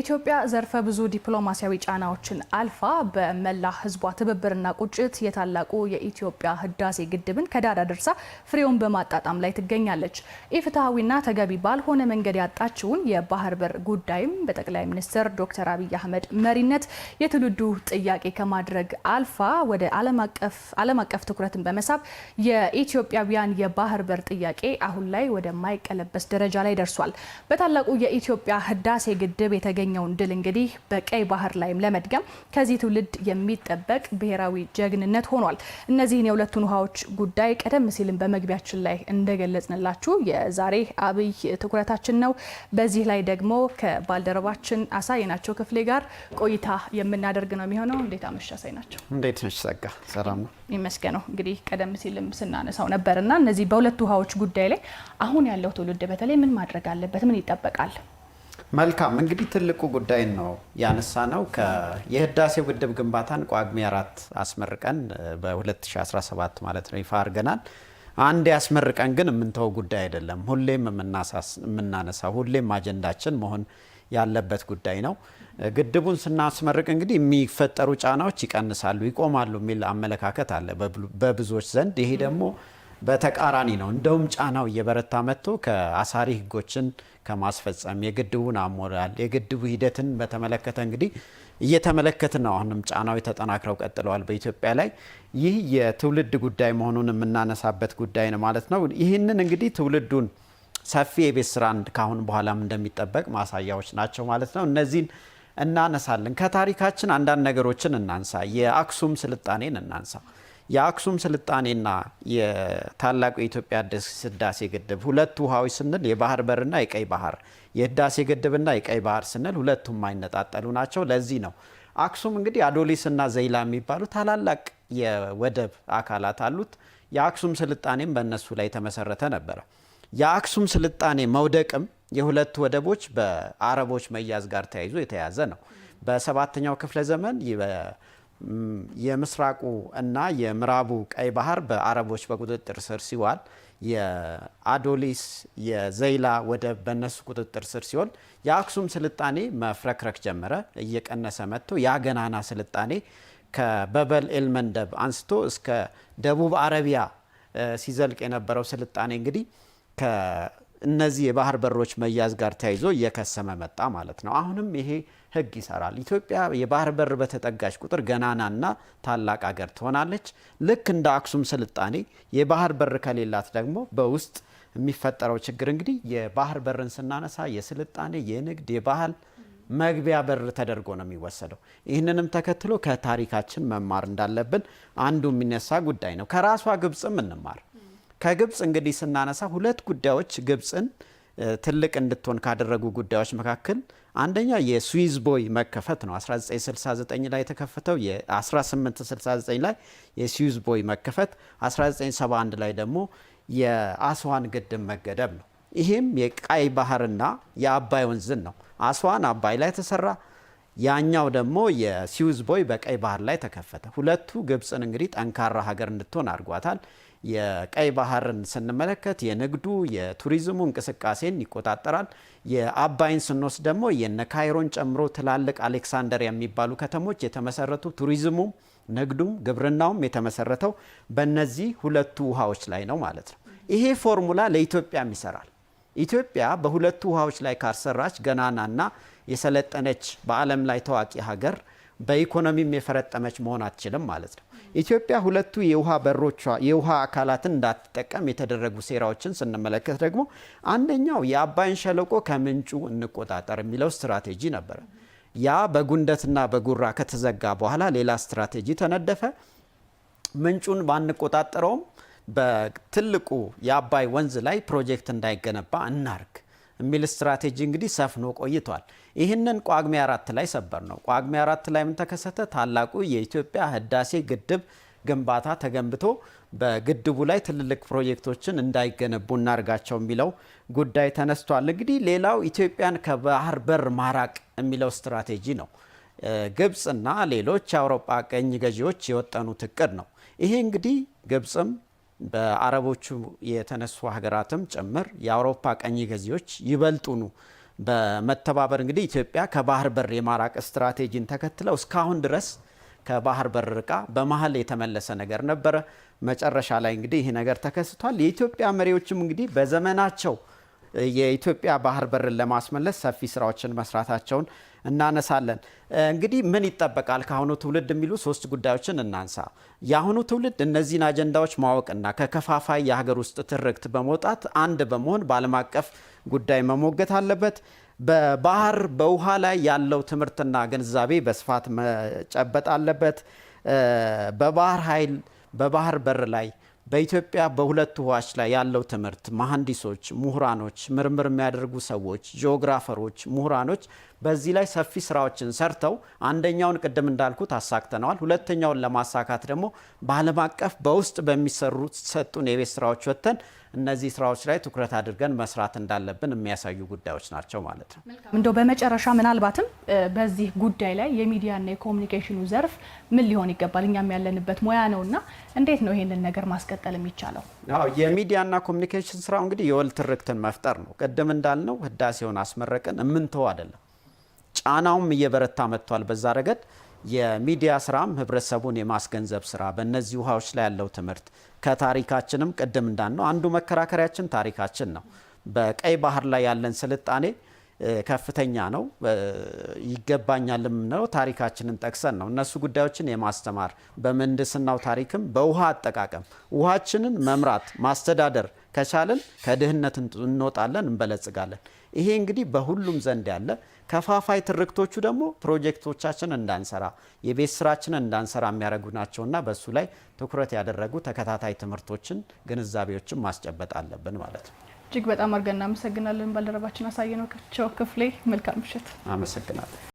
ኢትዮጵያ ዘርፈ ብዙ ዲፕሎማሲያዊ ጫናዎችን አልፋ በመላ ሕዝቧ ትብብርና ቁጭት የታላቁ የኢትዮጵያ ህዳሴ ግድብን ከዳር አድርሳ ፍሬውን በማጣጣም ላይ ትገኛለች። ኢፍትሐዊና ተገቢ ባልሆነ መንገድ ያጣችውን የባህር በር ጉዳይም በጠቅላይ ሚኒስትር ዶክተር አብይ አህመድ መሪነት የትውልዱ ጥያቄ ከማድረግ አልፋ ወደ ዓለም አቀፍ ትኩረትን በመሳብ የኢትዮጵያውያን የባህር በር ጥያቄ አሁን ላይ ወደማይቀለበስ ደረጃ ላይ ደርሷል። በታላቁ የኢትዮጵያ ህዳሴ ግድብ የተገኘውን ድል እንግዲህ በቀይ ባህር ላይም ለመድገም ከዚህ ትውልድ የሚጠበቅ ብሔራዊ ጀግንነት ሆኗል። እነዚህን የሁለቱን ውሃዎች ጉዳይ ቀደም ሲልም በመግቢያችን ላይ እንደገለጽንላችሁ የዛሬ አብይ ትኩረታችን ነው። በዚህ ላይ ደግሞ ከባልደረባችን አሳየናቸው ክፍሌ ጋር ቆይታ የምናደርግ ነው የሚሆነው። እንዴት አመሻ አሳየናቸው? እንዴት ነሽ ጸጋ? ሰላም ነው ይመስገነው። እንግዲህ ቀደም ሲልም ስናነሳው ነበርና እነዚህ በሁለቱ ውሃዎች ጉዳይ ላይ አሁን ያለው ትውልድ በተለይ ምን ማድረግ አለበት? ምን ይጠበቃል? መልካም እንግዲህ ትልቁ ጉዳይን ነው ያነሳ ነው። የህዳሴ ግድብ ግንባታን ቋግሜ አራት አስመርቀን በ2017 ማለት ነው ይፋ አድርገናል። አንድ ያስመርቀን ግን የምንተው ጉዳይ አይደለም። ሁሌም የምናነሳ ሁሌም አጀንዳችን መሆን ያለበት ጉዳይ ነው። ግድቡን ስናስመርቅ እንግዲህ የሚፈጠሩ ጫናዎች ይቀንሳሉ፣ ይቆማሉ የሚል አመለካከት አለ በብዙዎች ዘንድ። ይሄ ደግሞ በተቃራኒ ነው። እንደውም ጫናው እየበረታ መጥቶ ከአሳሪ ህጎችን ከማስፈጸም የግድቡን አሞላል የግድቡ ሂደትን በተመለከተ እንግዲህ እየተመለከት ነው። አሁንም ጫናው ተጠናክረው ቀጥለዋል በኢትዮጵያ ላይ። ይህ የትውልድ ጉዳይ መሆኑን የምናነሳበት ጉዳይ ነው ማለት ነው። ይህንን እንግዲህ ትውልዱን ሰፊ የቤት ስራ ካሁን በኋላም እንደሚጠበቅ ማሳያዎች ናቸው ማለት ነው። እነዚህን እናነሳለን። ከታሪካችን አንዳንድ ነገሮችን እናንሳ። የአክሱም ስልጣኔን እናንሳ። የአክሱም ስልጣኔና የታላቁ የኢትዮጵያ አዲስ ህዳሴ ግድብ ሁለቱ ውሃዊ ስንል የባህር በርና የቀይ ባህር የህዳሴ ግድብና የቀይ ባህር ስንል ሁለቱም የማይነጣጠሉ ናቸው። ለዚህ ነው አክሱም እንግዲህ አዶሊስና ዘይላ የሚባሉ ታላላቅ የወደብ አካላት አሉት። የአክሱም ስልጣኔም በእነሱ ላይ የተመሰረተ ነበረ። የአክሱም ስልጣኔ መውደቅም የሁለቱ ወደቦች በአረቦች መያዝ ጋር ተያይዞ የተያዘ ነው። በሰባተኛው ክፍለ ዘመን የምስራቁ እና የምዕራቡ ቀይ ባህር በአረቦች በቁጥጥር ስር ሲዋል የአዶሊስ የዘይላ ወደብ በነሱ ቁጥጥር ስር ሲሆን የአክሱም ስልጣኔ መፍረክረክ ጀመረ፣ እየቀነሰ መጥቶ የአገናና ስልጣኔ ከበበል ኤልመንደብ አንስቶ እስከ ደቡብ አረቢያ ሲዘልቅ የነበረው ስልጣኔ እንግዲህ እነዚህ የባህር በሮች መያዝ ጋር ተያይዞ እየከሰመ መጣ ማለት ነው። አሁንም ይሄ ህግ ይሰራል። ኢትዮጵያ የባህር በር በተጠጋች ቁጥር ገናናና ታላቅ አገር ትሆናለች። ልክ እንደ አክሱም ስልጣኔ የባህር በር ከሌላት ደግሞ በውስጥ የሚፈጠረው ችግር እንግዲህ የባህር በርን ስናነሳ የስልጣኔ፣ የንግድ፣ የባህል መግቢያ በር ተደርጎ ነው የሚወሰደው። ይህንንም ተከትሎ ከታሪካችን መማር እንዳለብን አንዱ የሚነሳ ጉዳይ ነው። ከራሷ ግብፅም እንማር። ከግብፅ እንግዲህ ስናነሳ ሁለት ጉዳዮች ግብፅን ትልቅ እንድትሆን ካደረጉ ጉዳዮች መካከል አንደኛ የስዊዝ ቦይ መከፈት ነው። 1969 ላይ የተከፈተው የ1869 ላይ የስዊዝ ቦይ መከፈት፣ 1971 ላይ ደግሞ የአስዋን ግድብ መገደብ ነው። ይህም የቀይ ባህርና የአባይ ወንዝን ነው። አስዋን አባይ ላይ ተሰራ፣ ያኛው ደግሞ የስዊዝ ቦይ በቀይ ባህር ላይ ተከፈተ። ሁለቱ ግብፅን እንግዲህ ጠንካራ ሀገር እንድትሆን አድርጓታል። የቀይ ባህርን ስንመለከት የንግዱ የቱሪዝሙ እንቅስቃሴን ይቆጣጠራል። የአባይን ስንወስድ ደግሞ የነ ካይሮን ጨምሮ ትላልቅ አሌክሳንደር የሚባሉ ከተሞች የተመሰረቱ ቱሪዝሙም፣ ንግዱም፣ ግብርናውም የተመሰረተው በእነዚህ ሁለቱ ውሃዎች ላይ ነው ማለት ነው። ይሄ ፎርሙላ ለኢትዮጵያም ይሰራል። ኢትዮጵያ በሁለቱ ውሃዎች ላይ ካልሰራች ገናናና የሰለጠነች በዓለም ላይ ታዋቂ ሀገር በኢኮኖሚም የፈረጠመች መሆን አትችልም ማለት ነው። ኢትዮጵያ ሁለቱ የውሃ በሮቿ የውሃ አካላትን እንዳትጠቀም የተደረጉ ሴራዎችን ስንመለከት ደግሞ አንደኛው የአባይን ሸለቆ ከምንጩ እንቆጣጠር የሚለው ስትራቴጂ ነበረ። ያ በጉንደትና በጉራ ከተዘጋ በኋላ ሌላ ስትራቴጂ ተነደፈ። ምንጩን ባንቆጣጠረውም በትልቁ የአባይ ወንዝ ላይ ፕሮጀክት እንዳይገነባ እናርግ የሚል ስትራቴጂ እንግዲህ ሰፍኖ ቆይቷል። ይህንን ቋግሚ አራት ላይ ሰበር ነው። ጳጉሜ አራት ላይ ምን ተከሰተ? ታላቁ የኢትዮጵያ ህዳሴ ግድብ ግንባታ ተገንብቶ በግድቡ ላይ ትልልቅ ፕሮጀክቶችን እንዳይገነቡ እናርጋቸው የሚለው ጉዳይ ተነስቷል። እንግዲህ ሌላው ኢትዮጵያን ከባህር በር ማራቅ የሚለው ስትራቴጂ ነው። ግብፅና ሌሎች የአውሮፓ ቀኝ ገዢዎች የወጠኑት እቅድ ነው። ይሄ እንግዲህ ግብፅም በአረቦቹ የተነሱ ሀገራትም ጭምር የአውሮፓ ቀኝ ገዢዎች ይበልጡኑ በመተባበር እንግዲህ ኢትዮጵያ ከባህር በር የማራቅ ስትራቴጂን ተከትለው እስካሁን ድረስ ከባህር በር ርቃ በመሀል የተመለሰ ነገር ነበረ። መጨረሻ ላይ እንግዲህ ይህ ነገር ተከስቷል። የኢትዮጵያ መሪዎችም እንግዲህ በዘመናቸው የኢትዮጵያ ባህር በርን ለማስመለስ ሰፊ ስራዎችን መስራታቸውን እናነሳለን። እንግዲህ ምን ይጠበቃል ከአሁኑ ትውልድ የሚሉ ሶስት ጉዳዮችን እናንሳ። የአሁኑ ትውልድ እነዚህን አጀንዳዎች ማወቅና ከከፋፋይ የሀገር ውስጥ ትርክት በመውጣት አንድ በመሆን በዓለም አቀፍ ጉዳይ መሞገት አለበት። በባህር በውሃ ላይ ያለው ትምህርትና ግንዛቤ በስፋት መጨበጥ አለበት። በባህር ኃይል በባህር በር ላይ በኢትዮጵያ በሁለቱ ውሃዎች ላይ ያለው ትምህርት መሐንዲሶች፣ ምሁራኖች፣ ምርምር የሚያደርጉ ሰዎች፣ ጂኦግራፈሮች፣ ምሁራኖች በዚህ ላይ ሰፊ ስራዎችን ሰርተው አንደኛውን ቅድም እንዳልኩት አሳክተነዋል። ሁለተኛውን ለማሳካት ደግሞ በዓለም አቀፍ በውስጥ በሚሰሩ ሰጡን የቤት ስራዎች ወጥተን እነዚህ ስራዎች ላይ ትኩረት አድርገን መስራት እንዳለብን የሚያሳዩ ጉዳዮች ናቸው ማለት ነው። እንደው በመጨረሻ ምናልባትም በዚህ ጉዳይ ላይ የሚዲያና የኮሚኒኬሽኑ ዘርፍ ምን ሊሆን ይገባል? እኛም ያለንበት ሙያ ነው እና እንዴት ነው ይሄንን ነገር ማስቀጠል የሚቻለው? አዎ የሚዲያና ኮሚኒኬሽን ስራው እንግዲህ የወል ትርክትን መፍጠር ነው። ቅድም እንዳልነው ህዳሴውን አስመረቅን የምንተው አይደለም። ጫናውም እየበረታ መጥቷል በዛ ረገድ የሚዲያ ስራም ህብረተሰቡን የማስገንዘብ ስራ በእነዚህ ውሃዎች ላይ ያለው ትምህርት ከታሪካችንም ቅድም እንዳን ነው አንዱ መከራከሪያችን ታሪካችን ነው። በቀይ ባህር ላይ ያለን ስልጣኔ ከፍተኛ ነው። ይገባኛልም ነው ታሪካችንን ጠቅሰን ነው እነሱ ጉዳዮችን የማስተማር በምህንድስናው ታሪክም በውሃ አጠቃቀም ውሃችንን መምራት ማስተዳደር ከቻለን ከድህነት እንወጣለን፣ እንበለጽጋለን። ይሄ እንግዲህ በሁሉም ዘንድ ያለ ከፋፋይ ትርክቶቹ ደግሞ ፕሮጀክቶቻችን እንዳንሰራ የቤት ስራችንን እንዳንሰራ የሚያደርጉ ናቸውና በእሱ ላይ ትኩረት ያደረጉ ተከታታይ ትምህርቶችን፣ ግንዛቤዎችን ማስጨበጥ አለብን ማለት ነው። እጅግ በጣም አድርገን እናመሰግናለን። ባልደረባችን አሳየነው ክፍሌ፣ መልካም ምሽት። አመሰግናለሁ።